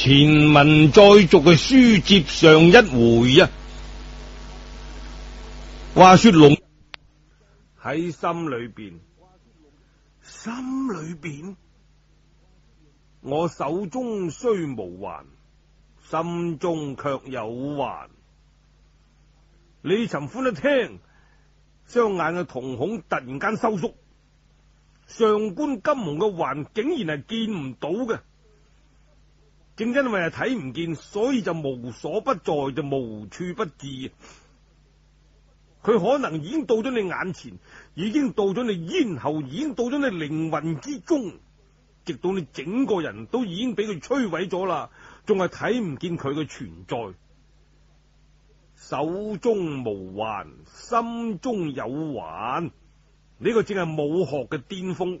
前文再續嘅書接上一回啊，話說龍喺心裏邊，心裏邊，我手中雖無環，心中卻有環。李尋歡一聽，雙眼嘅瞳孔突然間收縮，上官金虹嘅環竟然係見唔到嘅。正因為係睇唔見，所以就無所不在，就無處不至。佢可能已經到咗你眼前，已經到咗你咽喉，已經到咗你靈魂之中，直到你整個人都已經俾佢摧毀咗啦，仲係睇唔見佢嘅存在。手中無環，心中有環，呢、這個正係武學嘅巔峰，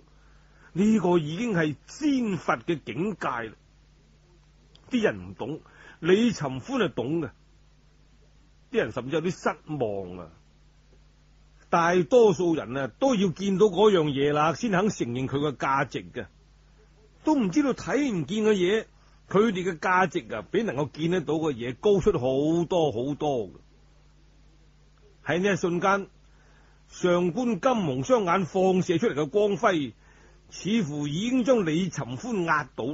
呢、這個已經係仙佛嘅境界啦。啲人唔懂，李尋歡係懂嘅。啲人甚至有啲失望啊！大多數人啊，都要見到樣嘢啦，先肯承認佢嘅價值嘅。都唔知道睇唔見嘅嘢，佢哋嘅價值啊，比能夠見得到嘅嘢高出好多好多嘅。喺呢一瞬間，上官金虹雙眼放射出嚟嘅光輝，似乎已經將李尋歡壓倒。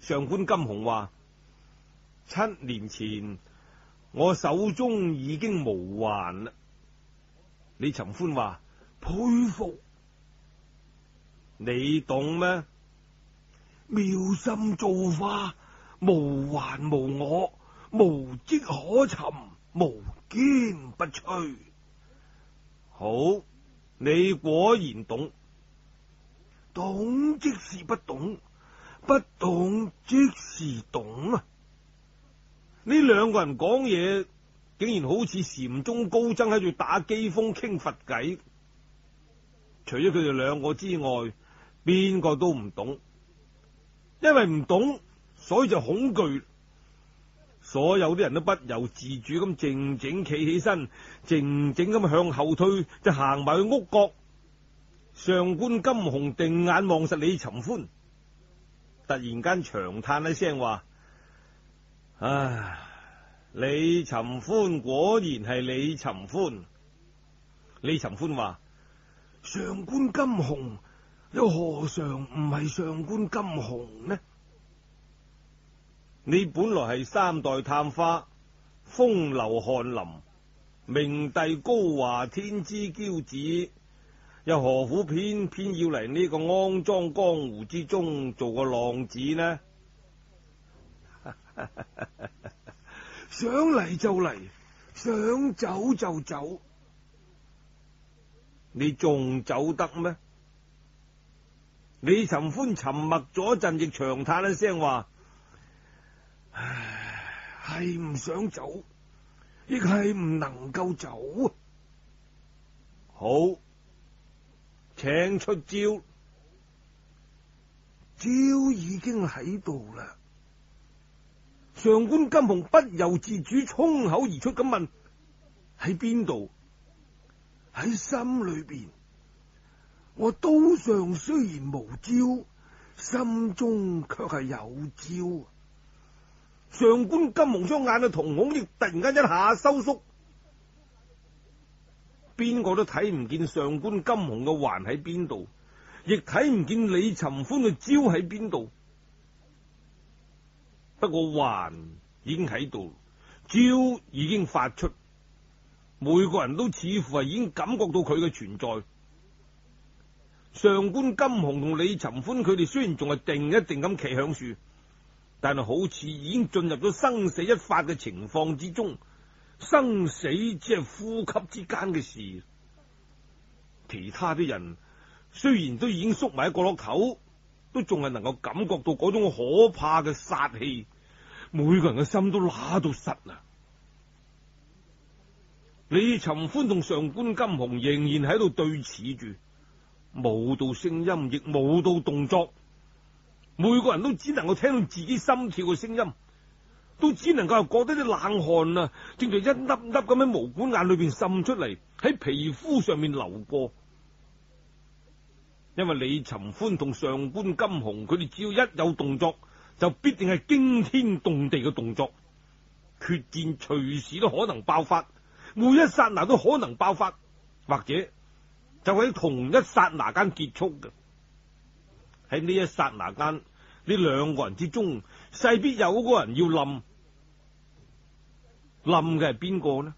上官金鴻話，七年前我手中已經無還啦。李尋歡話，佩服，你懂咩？妙心造化，無還無我，無跡可尋，無堅不摧。好，你果然懂，懂即是不懂，不懂即是懂啊！呢兩個人講嘢，竟然好似禪宗高僧喺度打機鋒、傾佛偈。除咗佢哋兩個之外，邊個都唔懂。因為唔懂，所以就恐懼。所有啲人都不由自主咁靜靜企起身，靜靜咁向後退，就行埋去屋角。上官金鴻定眼望實李尋歡。突然間長嘆一聲話：唉，李尋歡果然係李尋歡。李尋歡話：上官金虹又何嘗唔係上官金虹呢？你本來係三代探花，風流翰林，名帝高華，天之驕子。又何苦偏偏要嚟呢個骯髒江湖之中做個浪子呢？想 嚟就嚟，想走就走。你仲走得咩？李尋歡沉默咗一陣，亦長嘆一聲話：唉，係唔想走，亦係唔能夠走啊！好。請出招，招已經喺度啦。上官金虹不由自主衝口而出咁問：喺邊度？喺心裏邊，我刀上雖然無招，心中却係有招。上官金虹雙眼嘅瞳孔亦突然間一下收縮。邊個都睇唔見上官金虹嘅環喺邊度，亦睇唔見李尋歡嘅招喺邊度。不過環已經喺度，招已經發出，每個人都似乎係已經感覺到佢嘅存在。上官金虹同李尋歡佢哋雖然仲係定一定咁騎響樹，但係好似已經進入咗生死一髮嘅情況之中。生死只係呼吸之間嘅事，其他啲人雖然都已經縮埋一角落頭，都仲係能夠感覺到嗰種可怕嘅殺氣，每個人嘅心都乸到實啊。 李尋歡同上官金虹仍然喺度對峙住，冇到聲音亦冇到動作，每個人都只能夠聽到自己心跳嘅聲音。都只能夠係覺得啲冷汗啊，正在一粒粒咁喺毛管眼裏邊滲出嚟，喺皮膚上面流過。因為李尋歡同上官金虹，佢哋只要一有動作，就必定係驚天動地嘅動作，決戰隨時都可能爆發，每一剎那都可能爆發，或者就喺同一剎那間結束嘅。喺呢一剎那間，呢兩個人之中，勢必有一個人要冧。冧嘅係邊個呢？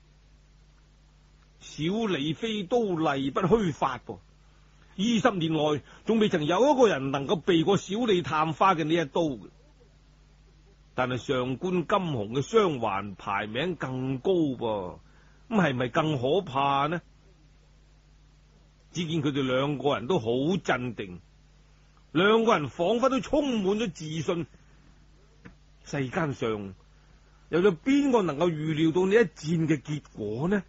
小李飛刀例不虛發噃，二十年來仲未曾有一個人能夠避過小李探花嘅呢一刀嘅。但係上官金鴻嘅雙環排名更高噃、哦，咁係咪更可怕呢？只見佢哋兩個人都好鎮定，兩個人仿佛都充滿咗自信，世間上，又有邊個能夠預料到呢一戰嘅結果呢？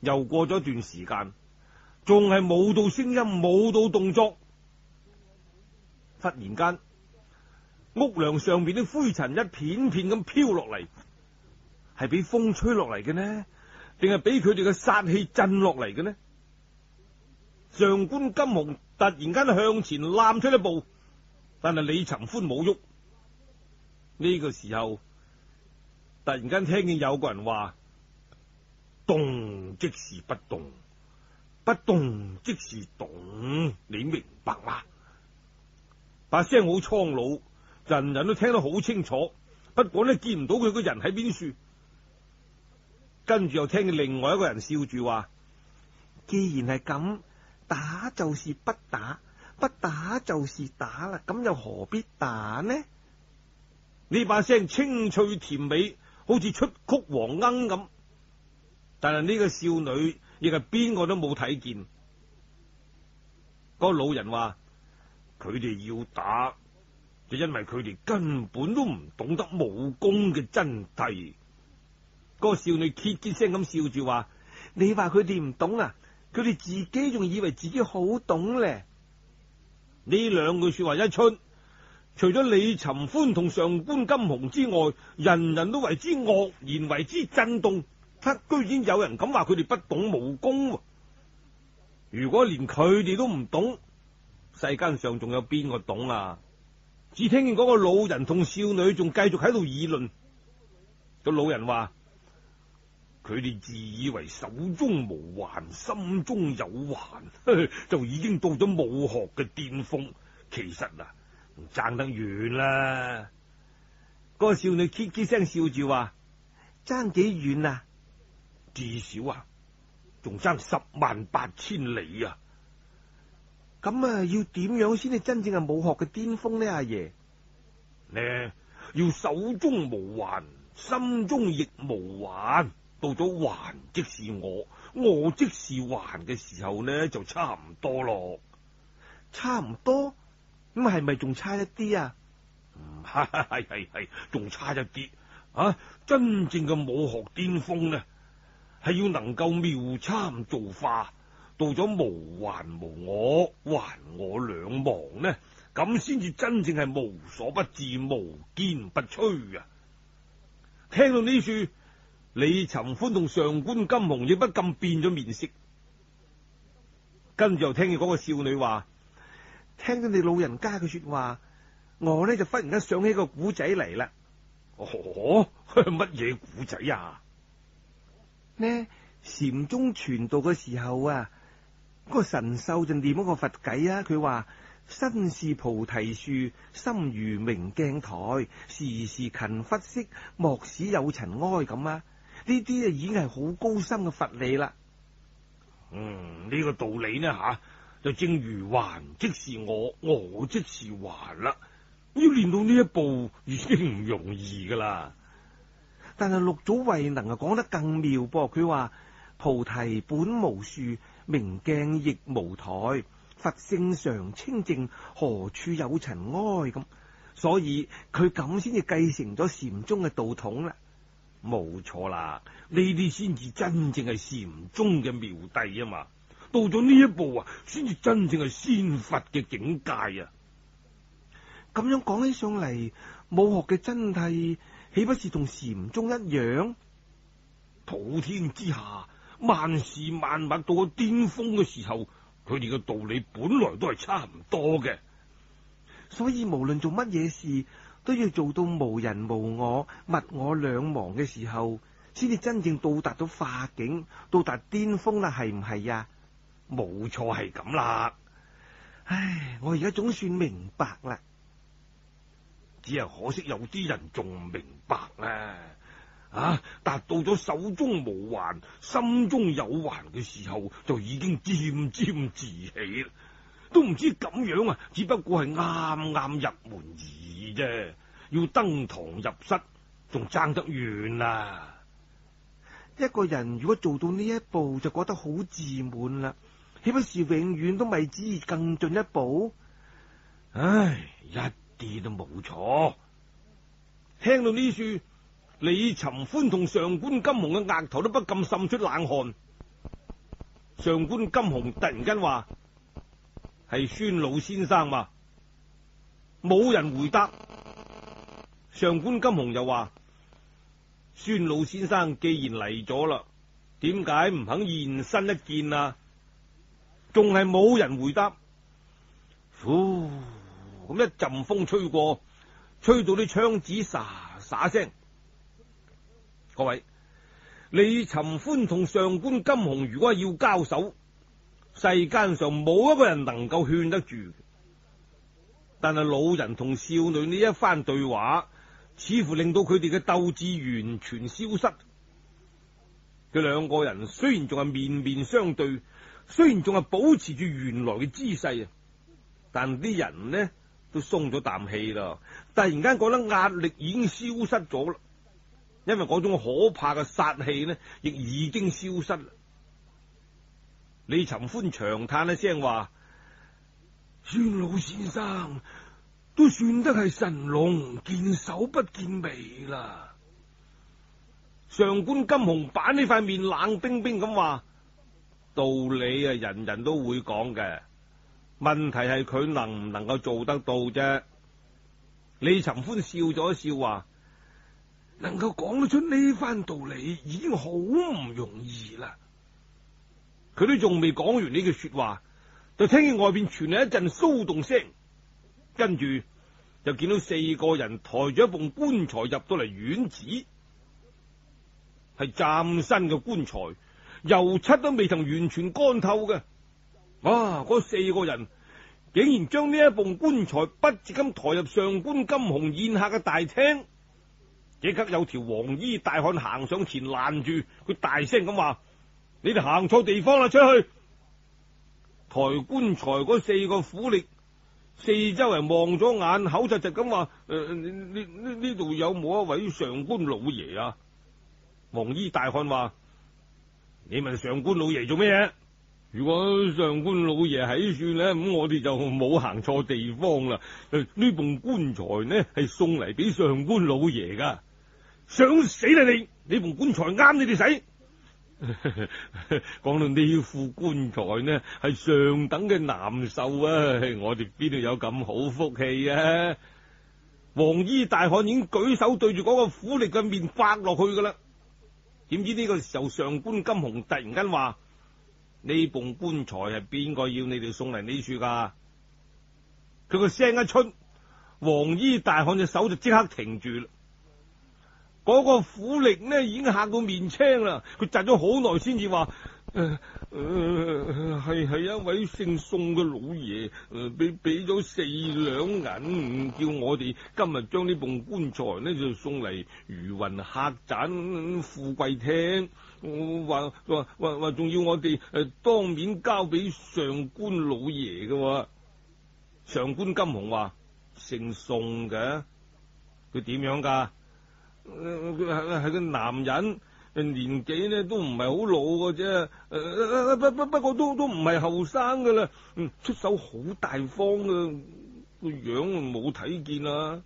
又過咗一段時間，仲係冇到聲音，冇到動作。忽然間，屋梁上邊啲灰塵一片片咁飄落嚟，係俾風吹落嚟嘅呢，定係俾佢哋嘅殺氣震落嚟嘅呢？上官金虹突然間向前攬出一步，但係李尋歡冇喐。呢個時候，突然間聽見有個人話：動即是不動，不動即是動。你明白嘛？把聲好蒼老，人人都聽得好清楚。不過呢，見唔到佢個人喺邊處。跟住又聽見另外一個人笑住話：既然係咁，打就是不打，不打就是打啦。咁又何必打呢？呢把聲清脆甜美，好似出曲黃鶯咁。但係呢個少女亦係邊個都冇睇見。個老人話：佢哋要打，就因為佢哋根本都唔懂得武功嘅真諦。個少女怯怯聲咁笑住話：你話佢哋唔懂啊？佢哋自己仲以為自己好懂呢。呢兩句說話一出。除咗李尋歡同上官金鴻之外，人人都為之愕然，為之震動。他居然有人敢話佢哋不懂武功，啊。如果連佢哋都唔懂，世間上仲有邊個懂啊？只聽見嗰個老人同少女仲繼續喺度議論。個老人話：佢哋自以為手中無環，心中有環， 就已經到咗武學嘅巔峰。其實啊。爭得遠啦！個少女怯怯聲笑住話：爭幾遠啊？至少啊，仲爭十萬八千里啊！咁啊，要點樣先至真正係武學嘅巔峰呢？阿、啊、爺，呢、嗯、要手中無環，心中亦無環，到咗環即是我，我即是環嘅時候呢，就差唔多咯，差唔多。咁係咪仲差一啲啊？係係係，仲差一啲啊！真正嘅武學巔峰呢，係要能夠妙參造化，到咗無還無我，還我兩忘呢，咁先至真正係無所不至，無堅不摧啊！聽到呢處，李尋歡同上官金虹亦不禁變咗面色，跟住又聽見嗰個少女話。聽到你老人家嘅說話，我呢就忽然間想起個古仔嚟啦。哦，乜嘢古仔啊？呢禪宗傳道嘅時候啊，個神秀就念一個佛偈啊，佢話：身是菩提樹，心如明鏡台，時時勤拂拭，莫使有塵埃。咁啊，呢啲啊已經係好高深嘅佛理啦。嗯，呢個道理呢吓。啊就正如還，即是我，我即是還啦。要練到呢一步已經唔容易噶啦。但係六祖慧能啊，講得更妙噃。佢話，菩提本無樹，明鏡亦無臺，佛性常清淨，何處有塵埃？咁所以佢咁先至繼承咗禪宗嘅道統啦。冇錯啦，呢啲先至真正係禪宗嘅妙諦啊嘛。到咗呢一步啊，先至真正係先佛嘅境界啊！咁樣講起上嚟，武學嘅真諦豈不是同禪宗一樣？普天之下，萬事萬物到個巔峰嘅時候，佢哋嘅道理本來都係差唔多嘅。所以無論做乜嘢事，都要做到無人無我、物我兩忘嘅時候，先至真正到達到化境，到達巔峰啦，係唔係啊？冇錯係咁啦，唉，我而家總算明白啦。只係可惜有啲人仲唔明白啊！達、啊、到咗手中無環、心中有環嘅時候，就已經沾沾自喜啦。都唔知咁樣啊，只不過係啱啱入門而已啫，要登堂入室，仲爭得遠啦、啊。一個人如果做到呢一步，就覺得好自滿啦。豈不是永遠都未知更進一步？唉，一啲都冇錯。聽到呢句，李尋歡同上官金鴻嘅額頭都不禁滲出冷汗。上官金鴻突然間話：係孫老先生嘛？冇人回答。上官金鴻又話：孫老先生既然嚟咗啦，點解唔肯現身一見啊？仲係冇人回答，呼，咁一陣風吹過，吹到啲窗子沙沙聲。各位，李尋歡同上官金虹如果要交手，世間上冇一個人能夠勸得住。但係老人同少女呢一番對話，似乎令到佢哋嘅鬥志完全消失。佢兩個人雖然仲係面面相對。雖然仲係保持住原來嘅姿勢，啊，但啲人呢都鬆咗啖氣啦。突然間覺得壓力已經消失咗啦，因為種可怕嘅殺氣呢，亦已經消失啦。李尋歡長嘆一聲話：孫老先生都算得係神龍見首不見尾啦。上官金虹板呢塊面冷冰冰咁話。道理啊，人人都會講嘅，問題係佢能唔能夠做得到啫。李尋歡笑咗一笑，話：能夠講得出呢番道理已經好唔容易啦。佢都仲未講完呢句說話，就聽見外邊傳嚟一陣騷動聲，跟住就見到四個人抬住一副棺材入到嚟院子，係嶄新嘅棺材。油漆都未曾完全乾透嘅，哇、啊！嗰四個人竟然將呢一副棺材筆直咁抬入上官金虹宴客嘅大廳，即刻有條黃衣大漢行上前攔住佢，大聲咁話：你哋行錯地方啦，出去！抬棺材嗰四個苦力四周圍望咗眼，口窒窒咁話：，誒、呃，你你呢呢度有冇一位上官老爺啊？黃衣大漢話。你問上官老爺做咩嘢？如果上官老爺喺呢處咧，咁我哋就冇行錯地方啦。呢盆棺材呢係送嚟俾上官老爺噶，想死啦、啊、你！呢盆棺材啱你哋使。講 到呢副棺材呢，係上等嘅南壽啊！我哋邊度有咁好福氣啊？黃衣大漢已經舉手對住嗰個苦力嘅面發落去噶啦。點知呢個時候上官金虹突然間話：呢部棺材係邊個要你哋送嚟呢處噶？佢個聲一出，黃衣大漢隻手就即刻停住啦。嗰、那個苦力呢已經吓到面青啦，佢窒咗好耐先至話。誒誒，係係、呃、一位姓宋嘅老爺，俾俾咗四兩銀，叫我哋今日將呢棟棺材呢就送嚟漁雲客棧富貴廳。我話話話話仲要我哋誒、呃、當面交俾上官老爺嘅、啊。上官金虹話姓宋嘅，佢點樣噶？佢係係個男人。年紀呢都唔係好老嘅啫，呃，不不不過都都唔係後生嘅啦。嗯，出手好大方嘅，個樣冇睇見啊，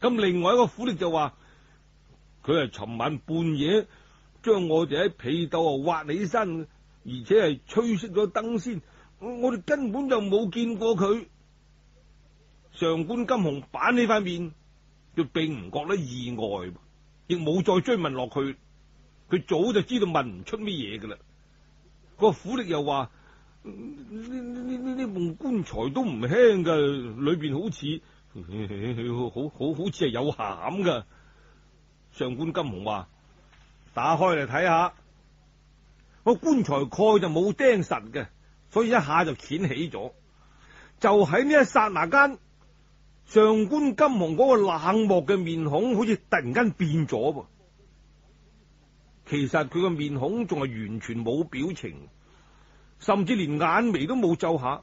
咁另外一個苦力就話：佢係尋晚半夜將我哋喺被斗啊挖起身，而且係吹熄咗燈先。我哋根本就冇見過佢。上官金鴻板呢塊面，佢並唔覺得意外，亦冇再追問落去。佢早就知道問唔出乜嘢噶啦，個苦力又話：呢呢呢呢呢瓮棺材都唔輕噶，裏邊好似、嗯嗯嗯嗯嗯、好好好似係有餡噶。 上官金虹話：打開嚟睇下，個棺材蓋就冇釘實嘅，所以一下就掀起咗。就喺呢一剎那間，上官金虹嗰個冷漠嘅面孔，好似突然間變咗噃。其實佢個面孔仲係完全冇表情，甚至連眼眉都冇皺下，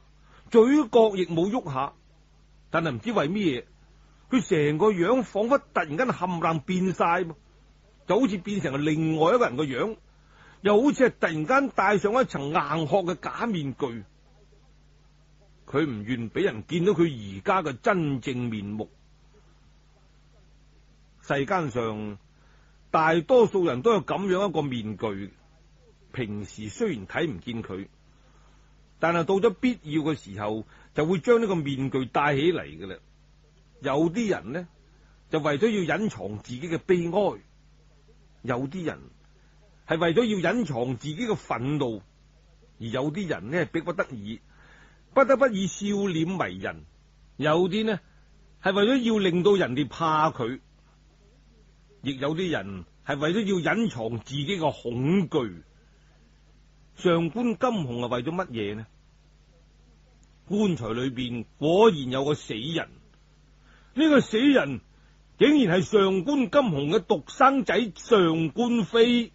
嘴角亦冇喐下。但係唔知為咩嘢，佢成個樣仿佛突然間冚唪唥變晒，就好似變成另外一個人嘅樣，又好似係突然間戴上一層硬殼嘅假面具。佢唔願俾人見到佢而家嘅真正面目。世間上，大多數人都有咁樣一個面具，平時雖然睇唔見佢，但係到咗必要嘅時候，就會將呢個面具戴起嚟嘅啦。有啲人呢，就為咗要隱藏自己嘅悲哀；有啲人係為咗要隱藏自己嘅憤怒；而有啲人呢，迫不得已，不得不以笑臉為人；有啲呢，係為咗要令到人哋怕佢。亦有啲人係為咗要隱藏自己嘅恐懼，上官金鴻係為咗乜嘢呢？棺材裏邊果然有個死人，呢、這個死人竟然係上官金鴻嘅獨生仔上官飛。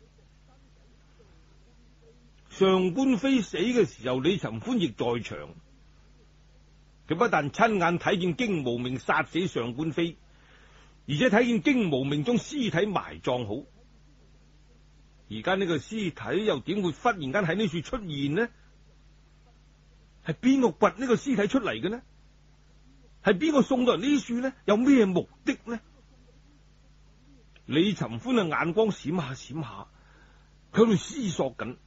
上官飛死嘅時候，李尋歡亦在場，佢不但親眼睇見荊無命殺死上官飛。而且睇見荊無命將屍體埋葬好，而家呢個屍體又點會忽然間喺呢處出現呢？係邊個掘呢個屍體出嚟嘅呢？係邊個送到嚟呢處呢？有咩目的呢？李尋歡嘅眼光閃下閃下，佢喺度思索緊。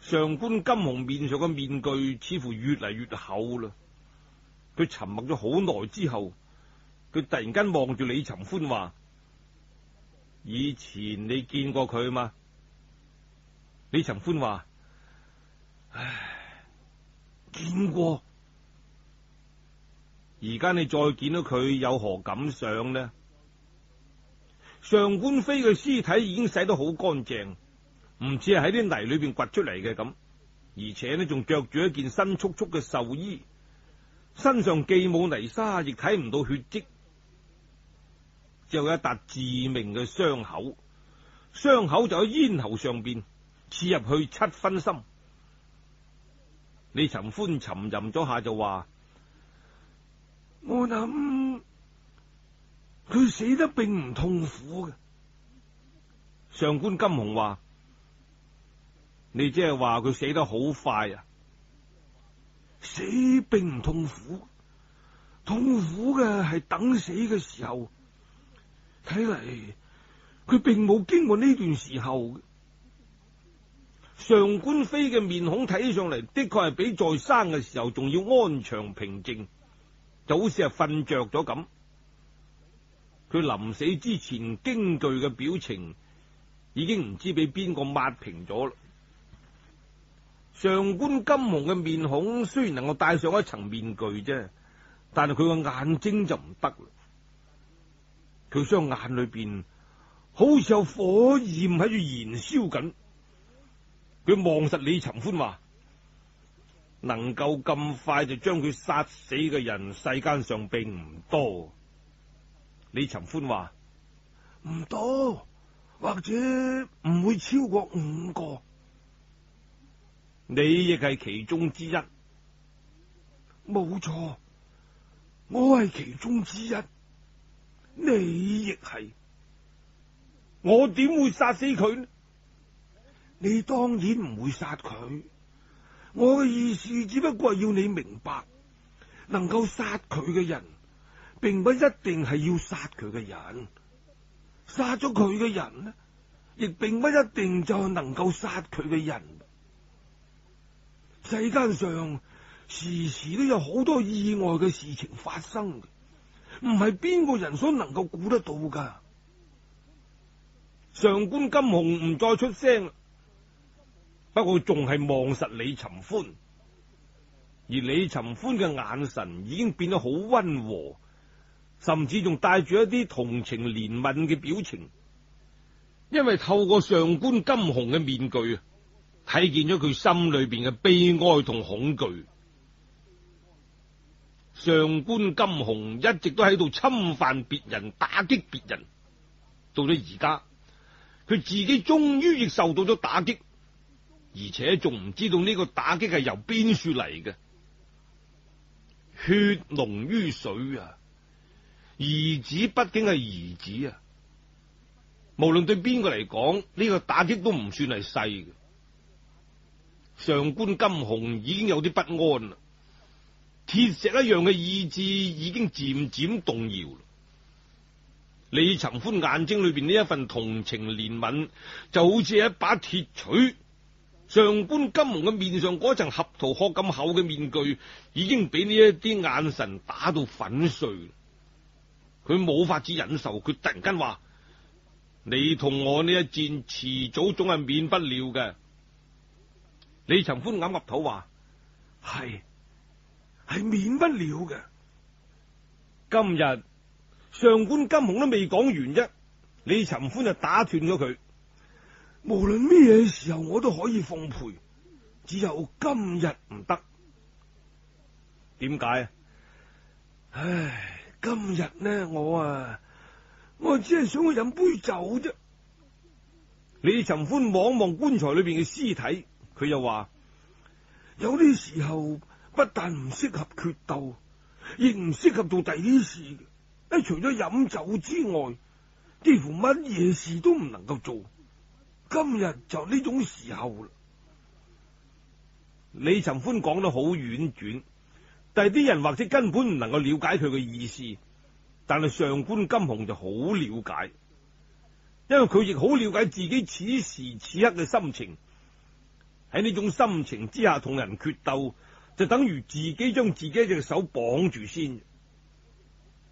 上官金虹面上嘅面具似乎越嚟越厚啦。佢沉默咗好耐之後。佢突然間望住李尋歡話：以前你見過佢嘛？」李尋歡話：唉，見過。而家你再見到佢有何感想呢？上官飛嘅屍體已經洗得好乾淨，唔似係喺啲泥裏邊掘出嚟嘅咁，而且呢仲着住一件新簇簇嘅壽衣，身上既冇泥沙，亦睇唔到血跡。就有一笪致命嘅傷口，傷口就喺咽喉上邊刺入去七分深。李尋歡沉吟咗下就話：我諗佢死得並唔痛苦嘅。上官金鴻話：你即係話佢死得好快啊！死並唔痛苦，痛苦嘅係等死嘅時候。睇嚟，佢並冇經過呢段時候。上官飛嘅面孔睇上嚟，的確係比在生嘅時候仲要安詳平靜，就好似係瞓着咗咁。佢臨死之前驚懼嘅表情，已經唔知俾邊個抹平咗啦。上官金鴻嘅面孔雖然能夠戴上一層面具啫，但係佢個眼睛就唔得啦。佢雙眼裏邊好似有火焰喺度燃燒緊，佢望實李尋歡話：能夠咁快就將佢殺死嘅人，世間上並唔多。李尋歡話：唔多，或者唔會超過五個。你亦係其中之一，冇錯，我係其中之一。你亦係，我點會殺死佢呢？你當然唔會殺佢。我嘅意思只不過係要你明白，能夠殺佢嘅人，並不一定係要殺佢嘅人。殺咗佢嘅人呢，亦並不一定就係能夠殺佢嘅人。世間上時時都有好多意外嘅事情發生。唔係邊個人所能夠估得到噶。上官金鴻唔再出聲。不過仲係望實李尋歡，而李尋歡嘅眼神已經變得好溫和，甚至仲帶住一啲同情憐憫嘅表情，因為透過上官金鴻嘅面具，睇見咗佢心裏邊嘅悲哀同恐懼。上官金鴻一直都喺度侵犯別人，打擊別人，到咗而家，佢自己終於亦受到咗打擊，而且仲唔知道呢個打擊係由邊處嚟嘅。血濃於水啊！兒子畢竟係兒子啊！無論對邊個嚟講，呢個打擊都唔算係細嘅。上官金鴻已經有啲不安啦。鐵石一樣嘅意志已經漸漸動搖。李尋歡眼睛裏邊呢一份同情憐憫，就好似一把鐵錘。上官金虹嘅面上嗰層合桃殼咁厚嘅面具，已經俾呢一啲眼神打到粉碎。佢冇法子忍受，佢突然間話：你同我呢一戰，遲早總係免不了嘅。李尋歡岌岌頭話：係。係免不了嘅。今日上官金鴻都未講完啫，李尋歡就打斷咗佢。無論咩嘢時候，我都可以奉陪，只有今日唔得。點解啊？唉，今日呢，我啊，我只係想去飲杯酒啫。李尋歡望望棺材裏邊嘅屍體，佢又話：有啲時候。不但唔適合決鬥，亦唔適合做第啲事。除咗飲酒之外，幾乎乜嘢事都唔能夠做。今日就呢種時候。李尋歡講得好婉轉，但係啲人或者根本唔能夠了解佢嘅意思，但係上官金鴻就好了解，因為佢亦好了解自己此時此刻嘅心情。喺呢種心情之下，同人決鬥，就等於自己將自己一隻手綁住先，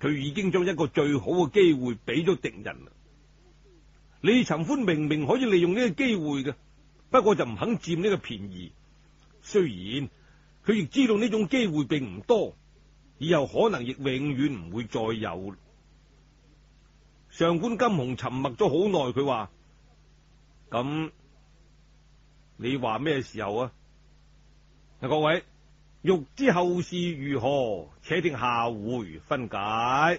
佢已經將一個最好嘅機會俾咗敵人啦。李尋歡明明可以利用呢個機會嘅，不過就唔肯佔呢個便宜。雖然佢亦知道呢種機會並唔多，以後可能亦永遠唔會再有。上官金虹沉默咗好耐，佢話：咁你話咩時候啊？嗱、啊，各位。欲知後事如何，且聽下回分解。